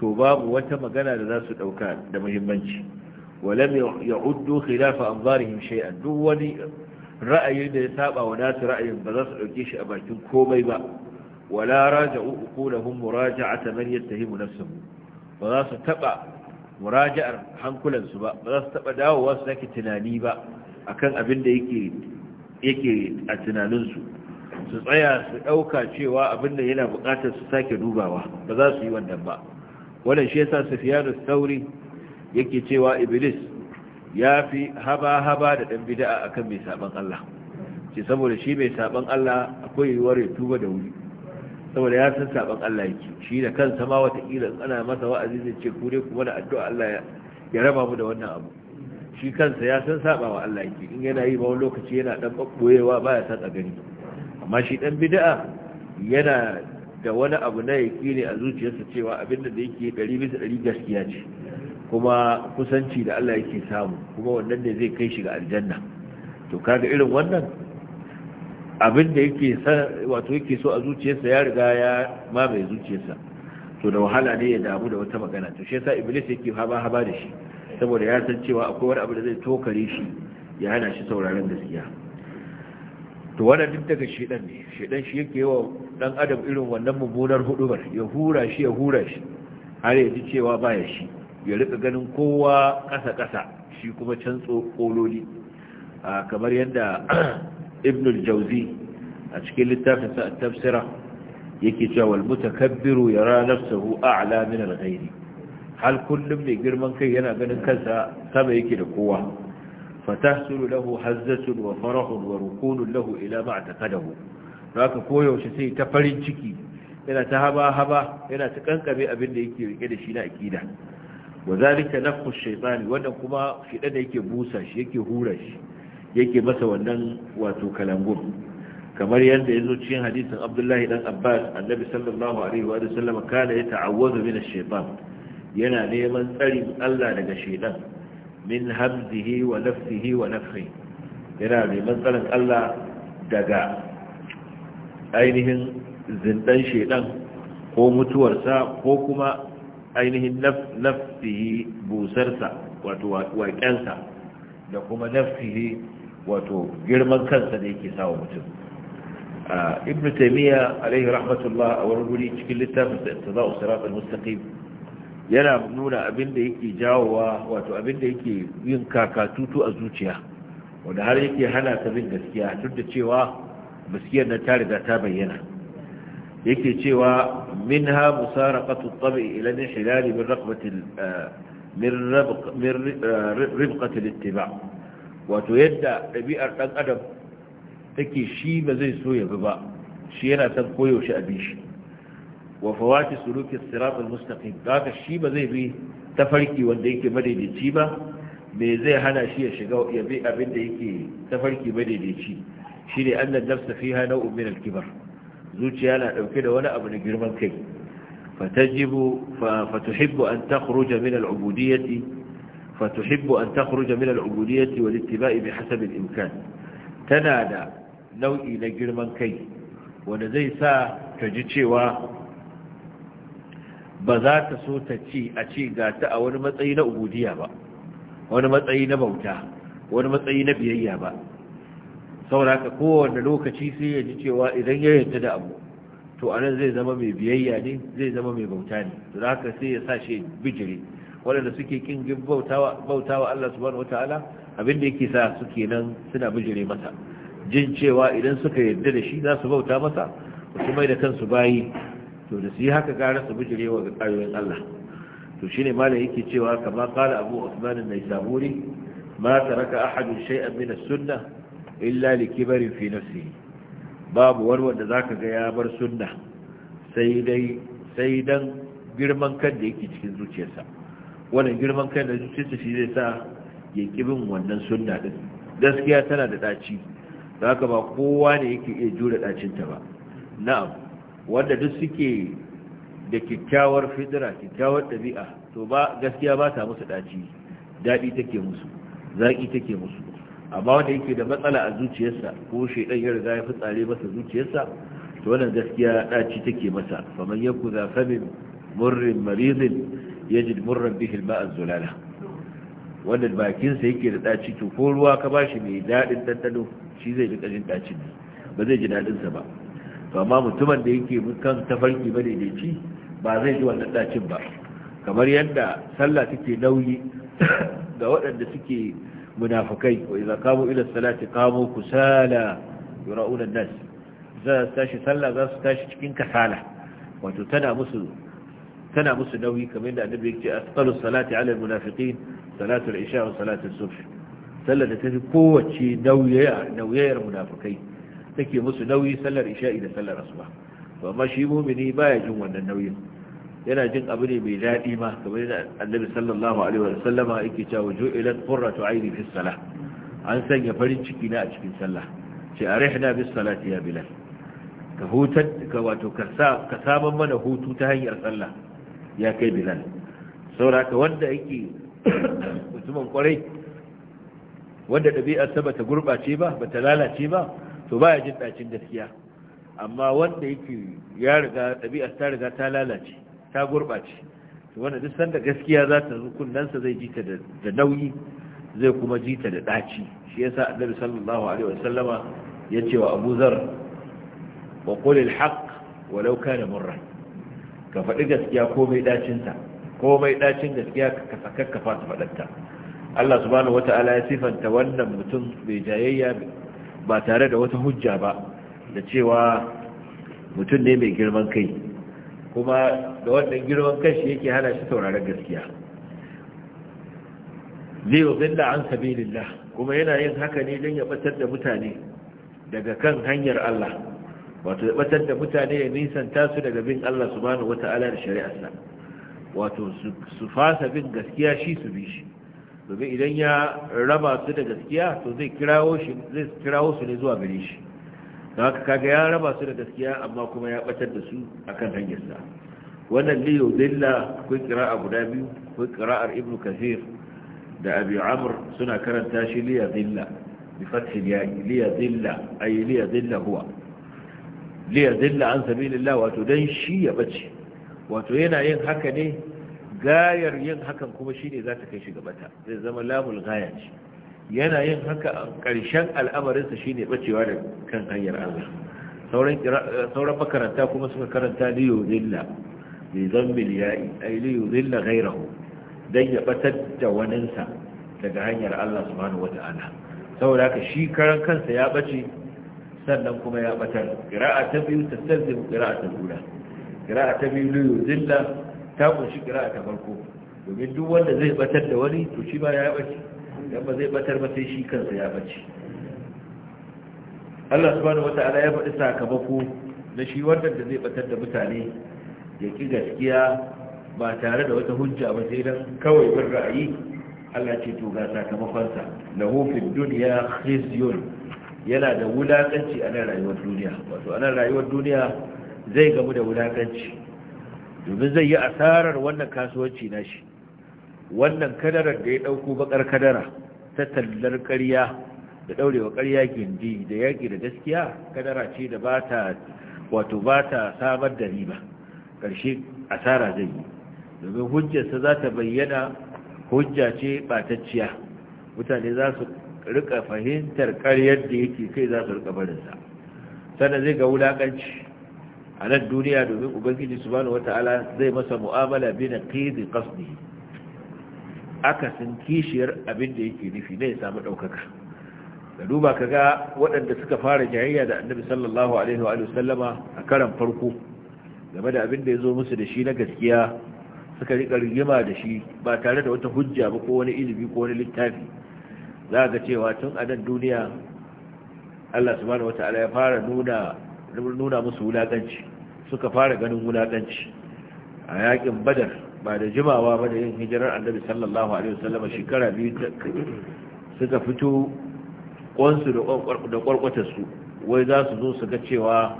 to babu wata magana da za su ɗauka da muhimmanci walam ya'uddu khilafa anzarihim shay'an duk wani ra'ayi da ya saba wa nasu ra'ayin ba za su ɗauke shi a bakin komai ba wala raja'u uqulahum muraja'ata man yattahimu nafsuhu ba za su taba muraja'ar hankulansu ba ba za su taba dawowa su sake tunani ba akan abin da yake yake a tunaninsu su tsaya su ɗauka cewa abin da yana buƙatar su sake dubawa ba za su yi wannan ba wannan shi yasa sufiyanu sauri yake cewa iblis ya fi haba-haba da ɗan bida'a akan mai saban Allah ce saboda shi mai saban Allah akwai yiwuwar ya tuba da wuri saboda ya san saban Allah yake shi da kansa ma watakila ana masa wa'azi zai ce kure kuma da addu'a Allah ya raba mu da wannan abu shi kansa ya san saba wa Allah yake in yana yi ba wani lokaci yana dan babboyewa baya san a gani amma shi dan bid'a yana da wani abu na ne a zuciyarsa cewa abinda da yake 100 bisa ɗari gaskiya ce kuma kusanci da Allah yake samu kuma wannan ne zai kai shi ga aljanna to kaga irin wannan abin da yake wato yake so a zuciyarsa ya riga ya mamaye zuciyarsa to da wahala ne ya damu da wata magana to shi yasa iblis yake haba haba da shi saboda ya san cewa akwai wani abu da zai tokare shi ya hana shi sauraron gaskiya to wannan duk daga shedan ne shedan shi yake yawa dan adam irin wannan mummunar hudubar ya hura shi ya hura shi har ya ji cewa baya shi ya rika ganin kowa kasa kasa shi kuma can tsokololi kamar yadda ibn al-jawzi a cikin littafin sa tafsira yake cewa wal mutakabbiru yara nafsuhu a'la min al-ghayri hal kullum mai girman kai yana ganin kansa sama yake da kowa fatahsulu lahu hazzatun wa farahun wa rukunun lahu ila ma taqadahu haka koyaushe sai ta farin ciki yana ta haba haba yana ta kankame abin da yake rike da shi na akida wa zalika nafsu shaytani wannan kuma shida da yake busa shi yake hura shi yake masa wannan wato kalangun kamar yadda ya zo cikin hadisin Abdullahi dan Abbas annabi sallallahu alaihi wa sallam kana yata'awwazu min ash-shaytan yana neman tsarin Allah daga shaytan min hamzihi wa nafsihi wa nafsi yana neman tsarin Allah daga ainihin zindan shedan ko mutuwarsa ko kuma ainihin nafsihi busarsa wato waƙensa da kuma nafsihi wato girman kansa da yake sawa mutum ah, ibn taymiya alaihi rahmatullah a wani guri cikin littafin da taza'u sirat al-mustaqim yana nuna abin da yake jawowa wato abin da yake yin kakatutu a zuciya wanda har yake hana ka bin gaskiya tun da cewa gaskiyar na ta riga ta bayyana yake cewa minha musaraqatu at-tabi ila al-hilal min raqbati ah, min ah, wato yadda ɗabi'ar ɗan adam take shi ba zai so ya bi ba shi yana san koyaushe abin shi wa fawati suluki sirat al-mustaqim shi ba zai bi tafarki wanda yake madaidaici ba me zai hana shi ya shiga ya bi abin da yake tafarki madaidaici shine annan nafsa fiha nau'un min al-kibar zuciya na dauke da wani abu na girman kai فتجب فتحب أن تخرج من bi فتحب أن تخرج tana da nau'i na girman kai نوئي zai sa ta ji cewa. ba za ta so ta ci a ce ga ta a wani matsayi na ubudiya ba wani matsayi na bauta wani matsayi na biyayya ba sauraka kowane lokaci sai ya ji cewa idan ya yanta da abu to a zai zama mai biyayya ne zai zama mai bauta ne za haka sai ya sa shi bijiri waɗanda suke kin bautawa wa Allah subhanahu ta'ala abin da yake sa su kenan suna bijire masa jin cewa idan suka yarda da shi za su bauta masa su mai da kansu bayi to da su yi haka gara su bijirewa ga ƙayoyin Allah to shi ne malam yake cewa kama ƙala abu usman mai naisaburi ma raka ahadun shai Amina as illa li kibarin fi nafsihi babu wani wanda ka ga ya bar sunna sai don girman kan da yake cikin zuciyarsa wannan girman kan da zuciyarsa shi zai sa ya kibin wannan sunna din gaskiya tana da daci ka ba kowa ne yake iya jure ɗacinta ba na'am wanda duk suke da kyakkyawar fidira kyakkyawar ɗabi'a to ba gaskiya ba ta musu ɗaci daɗi take musu zaƙi take musu amma wanda yake da matsala a zuciyarsa ko shaidan ya riga ya fitsare masa zuciyarsa to wannan gaskiya ɗaci take masa faman yaku za famin murrin marizin yajid murran bihi ma'az zulala wanda bakinsa yake da ɗaci to ko ruwa ka bashi mai daɗin ɗanɗano shi zai riƙa jin ɗacin ba zai ji daɗinsa ba to amma mutumin da yake kan tafarki ba daidaici ba zai ji wannan dacin ba kamar yadda sallah take nauyi ga waɗanda suke munafikai wa idza qamu ila salati qamu kusala yura'una an-nas za su tashi sallah za su tashi cikin kasala wato tana musu tana musu nauyi kamar yadda annabi yake asqalu salati ala al-munafiqin salatu al-isha wa salatu as-subh sallar da tafi kowace nauyayar munafikai take musu nauyi sallar isha'i da sallar asuba Ba amma shi mumini baya jin wannan nauyin yana jin abu ne mai daɗi ma kamar yadda annabi sallallahu alaihi wa sallam, a yake cewa ju'ilat qurratu aini fi salah an sanya farin ciki na a cikin sallah ce arihna bis salati ya bilal ka hutar ka wato ka sa ka saman mana hutu ta hanyar sallah ya kai bilal saboda wanda yake mutumin kwarai wanda ɗabi'ar sa bata gurɓace ba bata lalace ba to ya jin ɗacin gaskiya amma wanda yake ya riga ɗabi'ar ta riga ta lalace ta gurɓace to wanda duk sanda gaskiya za ta kunnansa zai ji ta da nauyi zai kuma ji ta da ɗaci shi yasa annabi sallallahu alaihi wasallama ya ce wa abu zar wa qulil haqq walau kana murran ka faɗi gaskiya komai ɗacin ta komai ɗacin gaskiya ka sakakkafa ta faɗanta Allah subhanahu wata'ala ya sifanta wannan mutum bai jayayya ba tare da wata hujja ba da cewa mutum ne mai girman kai kuma da wannan girman kai shi yake hana shi sauraron gaskiya zai da an sabilillah kuma yana yin haka ne don ya batar da mutane daga kan hanyar Allah wato ya batar da mutane ya nisanta su daga bin Allah subhanahu wata'ala da shari'arsa wato su fasa bin gaskiya shi su bi shi domin idan ya raba su da gaskiya to zai kirawo su ne zuwa gare shi don haka kaga ya raba su da gaskiya amma kuma ya batar da su akan hanyar sa wannan li yudilla akwai qira'a guda biyu akwai qira'ar ibn kathir da abi amr suna karanta shi li yudilla bi fathi ya li yudilla ay li yudilla huwa li yudilla an sabilillah wato dan shi ya bace wato yana yin haka ne gayar yin hakan kuma shine za ta kai shi gabata zai zama lamul gaya ce yana yin haka a ƙarshen al'amarinsa shine bacewa da kan hanyar Allah sauran makaranta kuma suka karanta liyo zilla zan miliyayi. ya'i ay liyo zilla ghayrahu dan ya batar da waninsa daga hanyar Allah wata wata'ala saboda haka shi karan kansa ya bace sannan kuma ya batar qira'a ta biyu tastazim qira'a ta ula qira'a ta biyu liyo zilla ta kunshi kira ta farko domin duk wanda zai batar da wani to shi ba ya bace dan ba zai batar ba sai shi kansa ya bace Allah subhanahu wata'ala ya faɗi sakamako na shi wannan da zai batar da mutane ya ki gaskiya ba tare da wata hujja ba sai dan kawai bin ra'ayi Allah ce to ga sakamakonsa lahu fid dunya khizyun yana da wulakanci a nan rayuwar duniya wato a nan rayuwar duniya zai gamu da wulakanci domin zai yi asarar wannan kasuwanci nashi wannan kadarar da ya ɗauko bakar kadara ta tallar ƙarya da ɗaurewa ƙarya gindi da yaƙi da gaskiya kadara ce da ba ta wato ba ta samar da riba ƙarshe asara zai yi domin hujjarsa za ta bayyana hujja ce ɓatacciya mutane za su rika fahimtar ƙaryar da yake kai za su rika barinsa sannan zai ga wulaƙanci a nan duniya domin ubangiji subhanahu wata'ala zai masa mu'amala bi naqidi qasdihi akasin kishiyar abin da yake nufi ne ya samu ɗaukaka. da duba ga waɗanda suka fara jayayya da annabi sallallahu alaihi wa sallama a karan farko game da abin da ya zo musu da shi na gaskiya suka riƙa rigima da shi ba tare da wata hujja ba ko wani ilimi ko wani littafi za ga cewa tun a nan duniya Allah subhanahu wata'ala ya fara nuna nuna musu wulaƙanci suka fara ganin wulaɗanci. a yaƙin badar ba da jimawa ba da yin hijirar annabi sallallahu alaihi wasallam shekara biyu suka fito ƙwansu da su wai za su zo su ga cewa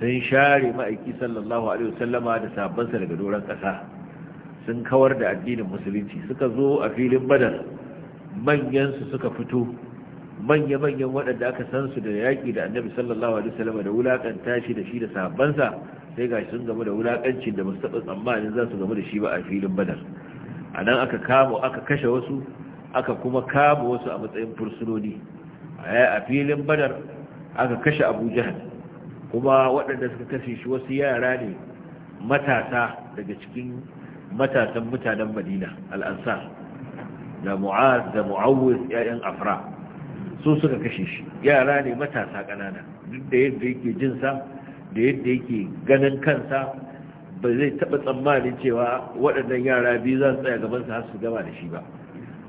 sun share ma'aiki sallallahu alaihi wasallama da sabansa daga doron ƙasa sun kawar da addinin musulunci suka zo a filin badar manyansu suka fito manya-manyan waɗanda aka san su da yaƙi da annabi sallallahu alaihi wasallama da wulaƙanta shi da shi da sabansa sai ga sun gama da wulakancin da basu taɓa tsammanin za su da shi ba a filin badar a nan aka kamo aka kashe wasu aka kuma kamo wasu a matsayin fursunoni a filin badar aka kashe abu jihar kuma waɗanda suka kashe shi wasu yara ne matasa daga cikin matasan mutanen madina al da mu'az da mu'awuz 'ya'yan afra su suka kashe shi yara ne matasa ƙanana duk da yadda yake jinsa da yadda yake ganin kansa ba zai taɓa tsammanin cewa waɗannan yara biyu za su tsaya gabansa har su gaba da shi ba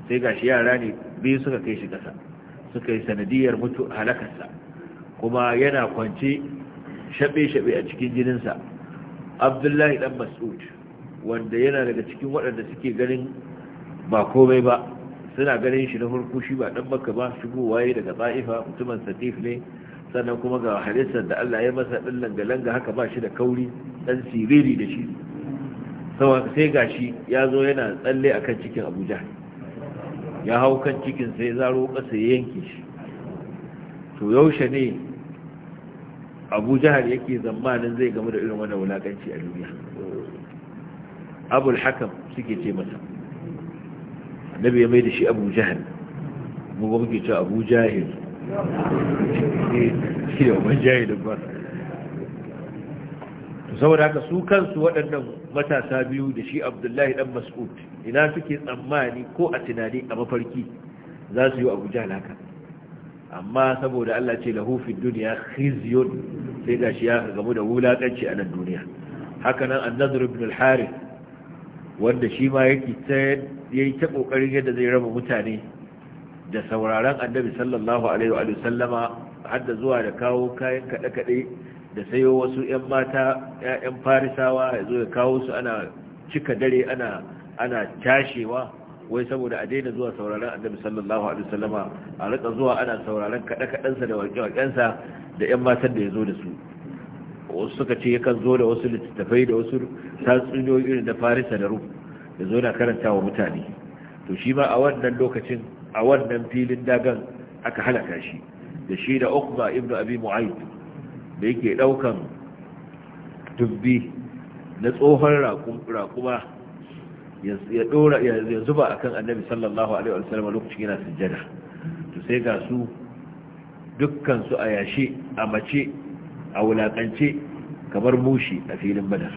sai ga shi yara ne biyu suka kai shi ƙasa suka yi sanadiyar mutu halakarsa kuma yana kwance shaɓe-shaɓe a cikin jinin sa abdullahi dan mas'ud wanda yana daga cikin waɗanda suke ganin ba komai ba suna ganin shi na farko shi ba ɗan maka ba shigowa ya daga tsa'ifa mutumin satif ne sannan kuma ga halittar da Allah ya masa ɗin langa-langa haka ba shi da kauri ɗan siriri da shi sai ga shi ya zo yana tsalle a kan cikin abuja ya hau kan cikin sai zaro ƙasa ya yanke shi to yaushe ne Abuja ne yake zammanin zai gama da irin wani wulaƙanci a duniya abul hakam suke ce masa annabi ya mai da shi abu jihar mu muke ce abu jahil yau saboda haka su kansu waɗannan matasa biyu da shi abdullahi ɗan mas'ud ina suke tsammani ko a tunani a mafarki za su yi abu haka amma saboda Allah ce lahufin hufin duniya khizyun sai ga shi ya gamu da wulakanci a nan duniya Hakanan nan annadru ibn al-harith wanda shi ma yake ta yi ta ƙoƙarin yadda zai raba mutane da sauraron annabi sallallahu alaihi wa sallama har da zuwa da kawo kayan kaɗe-kaɗe da sayo wasu 'yan mata 'ya'yan farisawa ya zo ya kawo su ana cika dare ana ana cashewa wai saboda a daina zuwa sauraron annabi sallallahu alaihi wa sallama a rika zuwa ana sauraron kaɗe-kaɗensa da waƙe-waƙensa da 'yan matan da ya zo da su wasu suka ce yakan zo da wasu littattafai da wasu tatsuniyoyi irin da farisa da rum ya zo na karanta wa mutane to shi ma a wannan lokacin a wannan filin dagan aka halaka shi da shi da ukba ibnu abi mu'ayyid da yake daukan dubbi na tsohon raƙuma ya dora ya zuba akan annabi sallallahu alaihi wasallam lokacin yana sujjada to sai ga su dukkan su a yashe a mace a wulakance kamar mushi a filin badar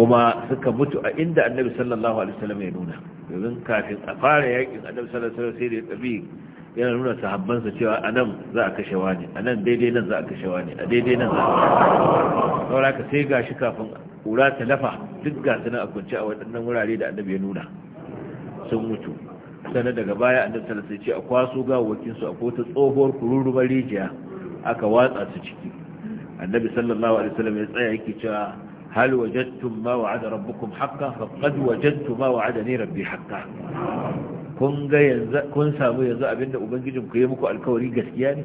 kuma suka mutu a inda annabi sallallahu alaihi wasallam ya nuna domin kafin a fara yakin annabi sallallahu alaihi wasallam sai da ya yana nuna sahabbansa cewa a nan za a kashe wani a nan daidai nan za a kashe wani a daidai nan za a saura ka sai gashi kafin kura ta lafa duk ga su nan a kunce a waɗannan wurare da annabi ya nuna sun mutu sannan daga baya annabi sallallahu alaihi wasallam ce a kwaso gawakin su a kota tsohuwar kururuwar rijiya aka watsa su ciki annabi sallallahu alaihi wasallam ya tsaya yake cewa هل وجدتم ما وعد ربكم حقا فقد وجدت ما وعدني ربي حقا kun ga yanzu kun samu yanzu abinda ubangijin ku yi muku alkawari gaskiya ne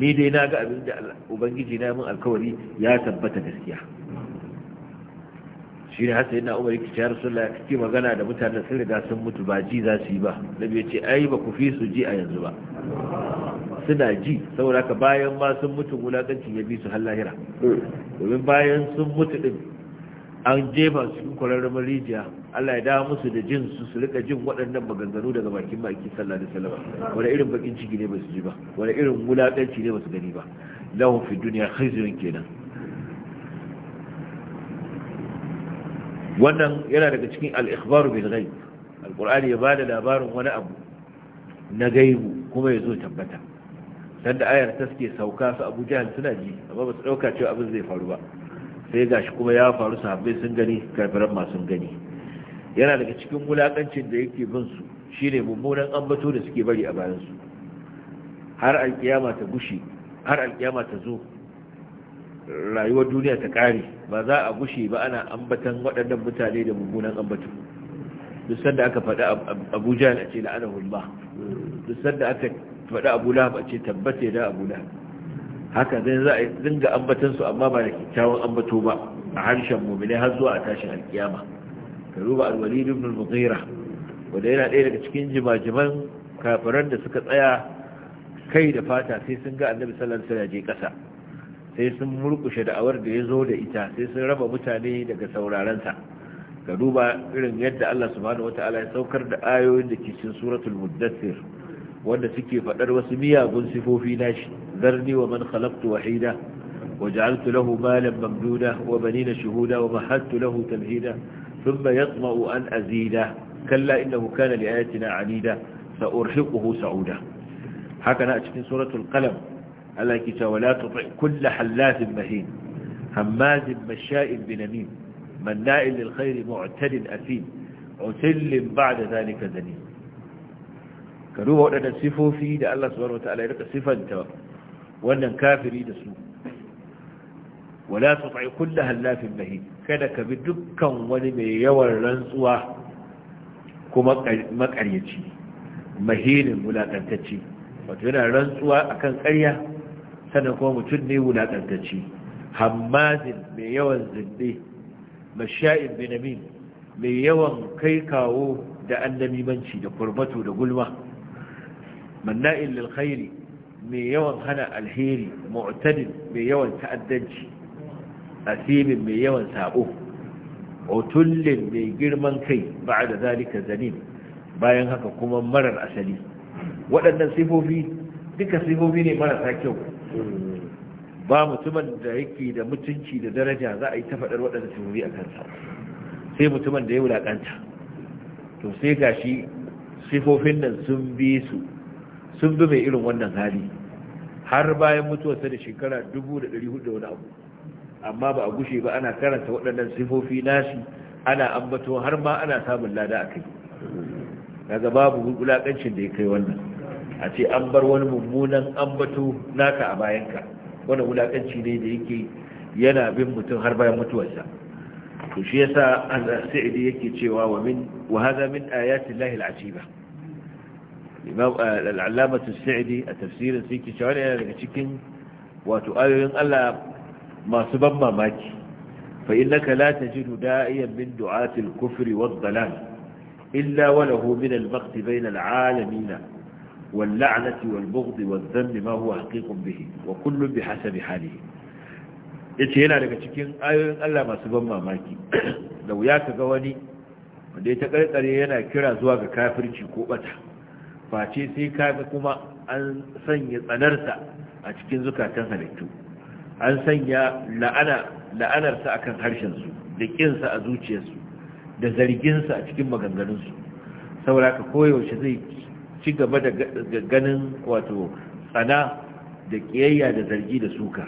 ni dai na ga abinda ubangiji na mun alkawari ya tabbata gaskiya shi ne hasa yana umar yake ciyar sulla kake magana da mutanen sun riga sun mutu ba ji za su yi ba nabi ya ce ai ba ku fi su ji a yanzu ba suna ji saboda ka bayan ma sun mutu wulaƙancin ya bi su har lahira domin bayan sun mutu din an jefa su cikin kwararren rijiya Allah ya dawo musu da jin su su rika jin waɗannan maganganu daga bakin maki sallallahu da wasallam wani irin bakin ciki ne ba su ji ba wani irin wulakanci ne ba su gani ba lahu fi dunya khizyun kenan wannan yana daga cikin al-ikhbaru bil ghaib al-qur'ani ya bada labarin wani abu na gaibu kuma ya zo tabbata dan da ayar ta suke sauka su abu jahal suna ji amma ba su ɗauka cewa abin zai faru ba sai gashi kuma ya faru sahabbai sun gani kafiran ma sun gani yana daga cikin wulakancin da yake bin su shine mummunan ambato da suke bari a bayan su har alkiyama ta gushi har alkiyama ta zo rayuwar duniya ta kare ba za a gushi ba ana ambatan waɗannan mutane da mummunan ambato duk sanda aka faɗi abuja jahal a ce la'anahullah duk sanda aka faɗi abu bula ba ce tabbata da abu bula. haka zai za a dinga ambatansu amma ba da kyakkyawan ambato ba a harshen mummune har zuwa a tashin alkiyama ka ruba alwalid ibn mughira wanda yana ɗaya daga cikin jimajiman kafiran da suka tsaya kai da fata sai sun ga annabi sallallahu alaihi wasallam je kasa sai sun murkushe da'awar da ya zo da ita sai sun raba mutane daga saurarensa ka duba irin yadda Allah subhanahu wata'ala ya saukar da ayoyin da ke cikin suratul muddathir wanda suke faɗar wasu miyagun sifofi nashi zarni wa man khalaqtu wahida وجعلت له مالا ممدودا وبنين شهودا ومهدت له تمهيدا ثم يطمع أن أزيدا كلا إنه كان لآياتنا عنيدا سأرهقه سعودا هكذا أتكين سورة القلم على كتا ولا تطع كل حلاث مهين هماز مشاء بنميم مناء للخير معتد أثيم عتل بعد ذلك ذنيم ka duba waɗannan sifofi da Allah subhanahu wataala ya rika sifanta wannan kafiri da su wala tuti kullu halafin mahin kada ka bi dukkan wani mai yawan rantsuwa kuma makaryaci mahinin wulakantacce wato yana rantsuwa akan ƙarya sannan kuma mutum ne wulakantacce hammazin mai yawan zinde masha'in binamin mai yawan kai kawo da annamimanci da kurbato da gulma manna'in lil mai yawan hana alheri mu'tadin mai yawan ta'addanci Asibin mai yawan sabo utullin mai girman kai ba'da zalika zanin bayan haka kuma marar asali waɗannan sifofi duka sifofi ne marasa kyau ba mutumin da yake da mutunci da daraja za a yi ta faɗar waɗanda tururi a kansa sai mutumin da ya wulaƙanta to sai gashi sifofin nan sun bi su sun bi mai irin wannan hali har bayan mutuwarsa da shekara 1400 da wani abu amma ba a gushe ba ana karanta waɗannan sifofi nashi ana ambato har ma ana samun lada a kai daga babu wulaƙancin da ya kai wannan a ce an bar wani mummunan ambato naka a bayanka wani wulaƙanci ne da yake yana bin mutum har bayan mutuwarsa to shi yasa an sa'idi yake cewa wa min wa hadha min ayati llahi al-ajiba Eh, al'alamatu sa'idi a tafsirin sai ke cewa yana daga cikin wato ayoyin Allah masu ban mamaki fa innaka la tajidu da'iyan min du'atil kufri wad dalal illa wa lahu min al-maqt bayna al-alamin wal ma huwa haqiqun bihi wa kullu bihasabi halihi yace yana daga cikin ayoyin Allah masu ban mamaki da wuya kaga wani wanda ta karkare yana kira zuwa ga kafirci ko bata face sai ga kuma an sanya tsanarsa a cikin zukatan halittu an sanya la'anarsa a kan harshensu da ƙinsa a zuciyarsu da zarginsa a cikin maganganunsu saboda ka koyaushe zai ci gaba da ganin wato tsana da ƙiyayya da zargi da suka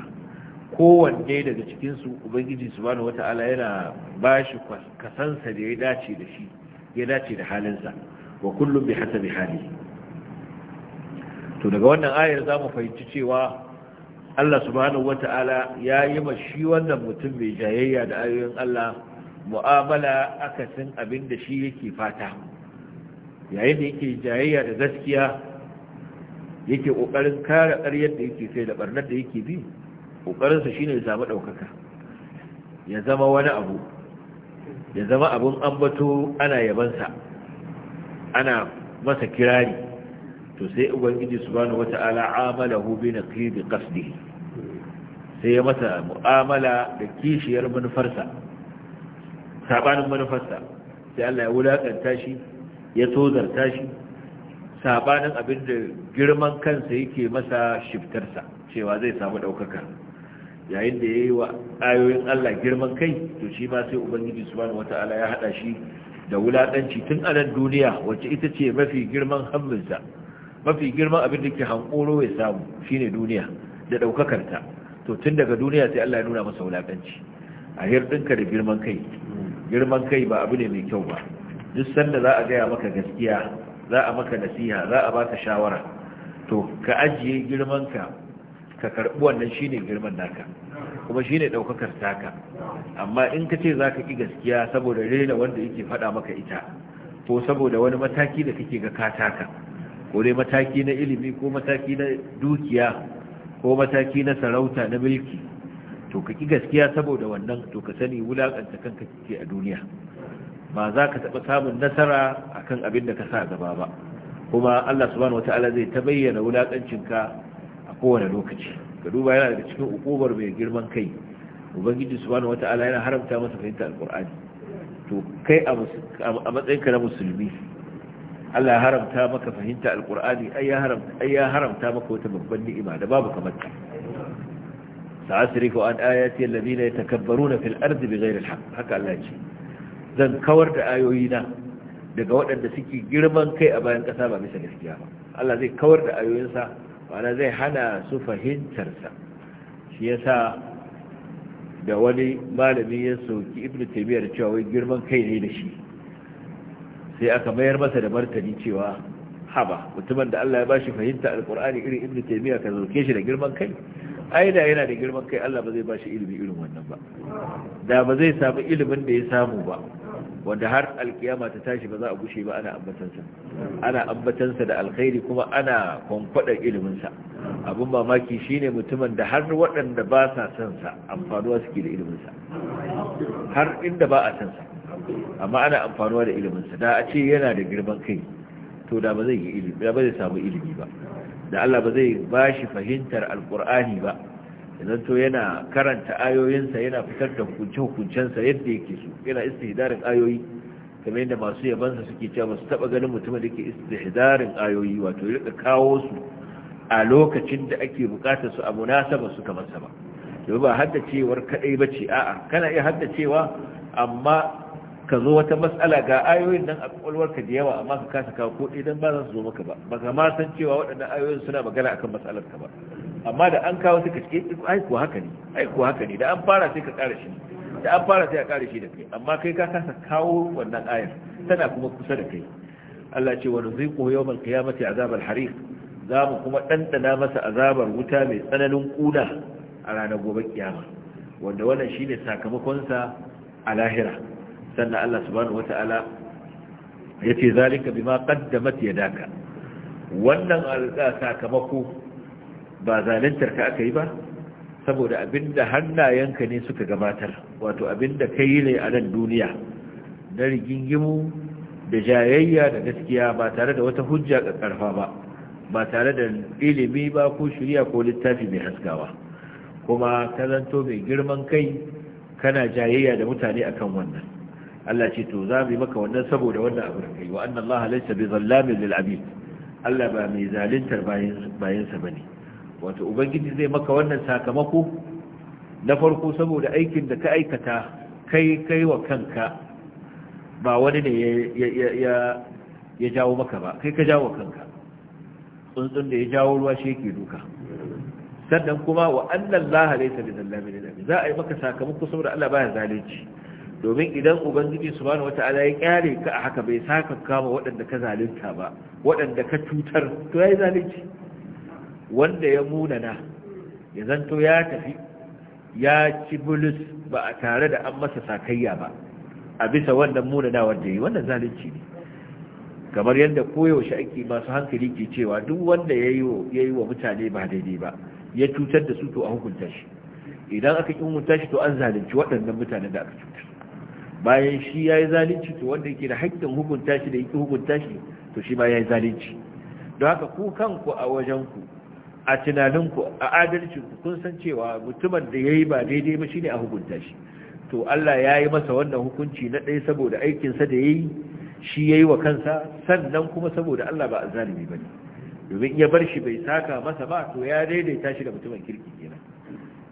kowanne daga cikinsu ubangiji subhanahu wata'ala yana ba shi kasansa da ya dace da shi ya dace da halinsa wa kullum bi hasabi hali to daga wannan ayar za mu fahimci cewa Allah subhanahu ta'ala ya yi ma shi wannan mutum mai jayayya da ayoyin Allah mu'amala akasin abin da shi yake fata yayin da yake jayayya da gaskiya yake kokarin kare ƙaryar da yake sai da barnar da yake bi shi shine ya samu ɗaukaka ya zama wani abu ya zama abun ambato ana yabansa ana masa kirari to sai ubangiji subhanahu wata'ala amalahu bi naqibi qasdihi sai ya masa mu'amala da kishiyar manufarsa sabanin manufarsa sai Allah ya wulakanta shi ya tozarta shi sabanin abinda girman kansa yake masa shiftarsa cewa zai samu ɗaukaka yayin da ya yi wa ayoyin Allah girman kai to shi ma sai Ubangiji subhanahu wata'ala ya haɗa shi da wulakanci tun anan duniya wacce ita ce mafi girman hannunsa mafi girman abin da ke hankoro ya samu shine duniya da ɗaukakarta to tun daga duniya sai Allah ya nuna masa wulaƙanci a hirɗinka da girman kai girman kai ba abu ne mai kyau ba duk sanda za a gaya maka gaskiya za a maka nasiha za a baka shawara to ka ajiye girman ka karɓi wannan shine girman naka kuma shine ɗaukakar taka amma in ka ce za ka ƙi gaskiya saboda rena wanda yake faɗa maka ita ko saboda wani mataki da kake ga kataka ko dai mataki na ilimi ko mataki na dukiya ko mataki na sarauta na mulki to ka ki gaskiya saboda wannan to ka sani wulakanta kanka kike a duniya ba za ka taɓa samun nasara akan abin da ka sa gaba ba kuma Allah subhanahu wata'ala zai ta bayyana wulakancinka a kowane lokaci ka duba yana daga cikin ukubar mai girman kai ubangiji subhanahu wata'ala yana haramta masa fahimta alqur'ani to kai a matsayinka na musulmi Allah haramta maka fahimta Alƙur'ani, ai ya haramta maka wata babban ni'ima da babu kamar ta sa'asrifu an ayati alladhina yatakabbaruna fil ardi bighayri alhaq haka Allah ce zan kawar da ayoyina daga waɗanda suke girman kai a bayan ƙasa ba bisa gaskiya ba Allah zai kawar da ayoyinsa ma'ana zai hana su fahimtarsa shi yasa da wani malami ya soki ibn taymiyyah cewa wai girman kai ne da shi sai aka mayar masa da martani cewa haba mutumin da Allah ya bashi fahimta alkur'ani irin ibn taymiya ka zoke shi da girman kai ai da yana da girman kai Allah ba zai bashi ilimi irin wannan ba da ba zai samu ilimin da ya samu ba wanda har alkiyama ta tashi ba za a gushe ba ana ambatansa ana ambatansa da alkhairi kuma ana kwankwadar iliminsa abin mamaki shine mutumin da har waɗanda ba sa son sa amfanuwa suke da iliminsa har inda ba a son sa amma ana amfanuwa da iliminsa da a ce yana da girman kai to da ba zai yi ilimi ba zai samu ilimi ba da Allah ba zai ba shi fahimtar alkur'ani ba idan to yana karanta ayoyinsa yana fitar da hukunce-hukuncensa yadda yake so yana istihdarin ayoyi kamar yadda masu yabansa suke cewa ba su taba ganin mutumin da ke istihdarin ayoyi wato ya kawo su a lokacin da ake bukatar su a munasaba su kamar sa ba yau ba haddacewar kadai bace a'a kana iya haddacewa amma ka zo wata matsala ga ayoyin nan a kwakwalwarka da yawa amma ka kasa kawo ko idan ba za su zo maka ba ba ka ma san cewa waɗannan ayoyin suna magana akan matsalar ka ba amma da an kawo suka ce eh, ai ko haka ne ai ko haka ne da an fara sai ka ƙara shi da an fara sai a ƙara shi da kai amma kai ka kasa kawo wannan ayar tana kuma kusa da kai Allah ce wa nuziqu yawmal qiyamati azabal hariq za mu kuma ɗanɗana masa azabar wuta mai tsananin ƙuna a ranar gobe kiyama wanda wannan shine sakamakonsa a lahira sannan Allah subhanahu wata'ala ya ce zalika bima qaddamat yadaka wannan sakamako ba zaluntar ka aka yi ba saboda abinda hannayenka ne suka gabatar wato abinda ka yi ne a nan duniya na rigingimu da jayayya da gaskiya ba tare da wata hujja karfa ba ba tare da ilimi ba ko shirya ko littafi mai haskawa kuma ka zanto mai girman kai kana jayayya da mutane akan wannan Allah ce to za mu maka wannan saboda wannan abu da kai wa anna Allah laysa bi zallamin lil abid Allah ba mai zaluntar bayin bayin sa bane wato ubangiji zai maka wannan sakamako na farko saboda aikin da ka aikata kai kai wa kanka ba wani ne ya ya jawo maka ba kai ka jawo kanka tsuntsun da ya jawo ruwa shi yake duka sannan kuma wa annan laha laysa bi zallamin lil abid za a yi maka sakamako saboda Allah baya zalunci domin idan ubangiji subhanahu wata'ala ya kyare ka a haka bai saka kama waɗanda ka zalunta ba waɗanda ka cutar to yayi zalunci wanda ya munana ya zanto ya tafi ya ci bulus ba a tare da an masa sakayya ba a bisa wannan munana wanda yi wannan zalunci ne kamar yadda koyaushe ake masu hankali ke cewa duk wanda ya yi wa mutane ba daidai ba ya cutar da su to a hukunta shi idan aka ƙin mutashi to an zalunci waɗannan mutanen da aka cutar bayan shi ya yi zalunci to wanda yake da haƙƙin hukunta shi da yake hukunta shi to shi ma ya yi zalunci don haka ku kanku a wajenku a tunaninku a adalcinku kun san cewa mutumin da ya yi ba daidai ba shine a hukunta shi to Allah ya yi masa wannan hukunci na ɗaya saboda aikinsa da ya yi shi ya yi wa kansa sannan kuma saboda Allah ba a zalimi ba ne domin ya bar shi bai saka masa ba to ya daidaita shi da mutumin kirki kenan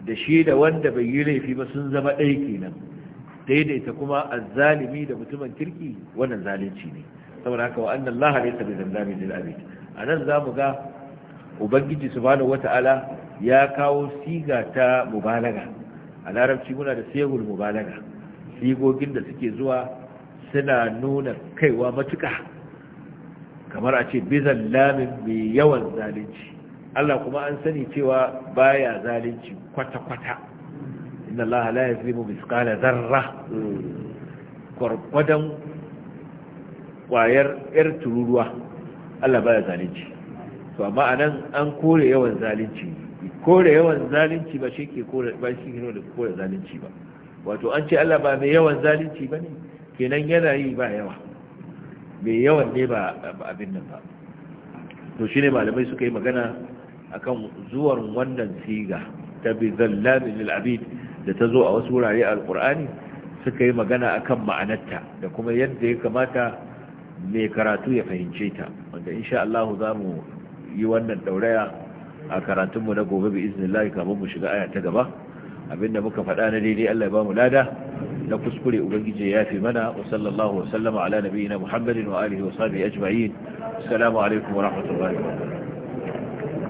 da shi da wanda bai yi laifi ba sun zama ɗaya kenan daidaita kuma azzalimi da mutumin kirki wannan zalunci ne saboda haka wa annan Allah laysa bi lil abid anan zamu ga ubangiji subhanahu wataala ya kawo siga ta mubalaga a larabci muna da sigul mubalaga sigogin da suke zuwa suna nuna kaiwa matuka kamar a ce bi lamin mai yawan zalunci Allah kuma an sani cewa baya zalunci kwata-kwata inna Allah la yazlimu mithqala zarra gwargwadon kwayar yar tururuwa Allah baya zalunci amma anan an kore yawan zalunci kore ba shi ke kore ba da zalunci ba wato an ce Allah ba mai yawan zalunci bane kenan yana yi ba yawa mai yawan ne ba abin nan ba to shine malamai suka yi magana akan zuwar wannan siga ta da ta zo a wasu wurare alkur'ani suka yi magana akan ma'anarta da kuma yadda ya kamata mai karatu ya fahimce ta wanda insha Allah za mu yi wannan dauraya a karatunmu na gobe bi iznillahi kamar mu shiga aya ta gaba abinda muka faɗa na daidai Allah ya ba mu lada na kuskure ubangiji ya fi mana wa sallallahu wa sallama ala nabiyina muhammadin wa alihi wa sahbihi ajma'in assalamu alaikum wa rahmatullahi wa barakatuh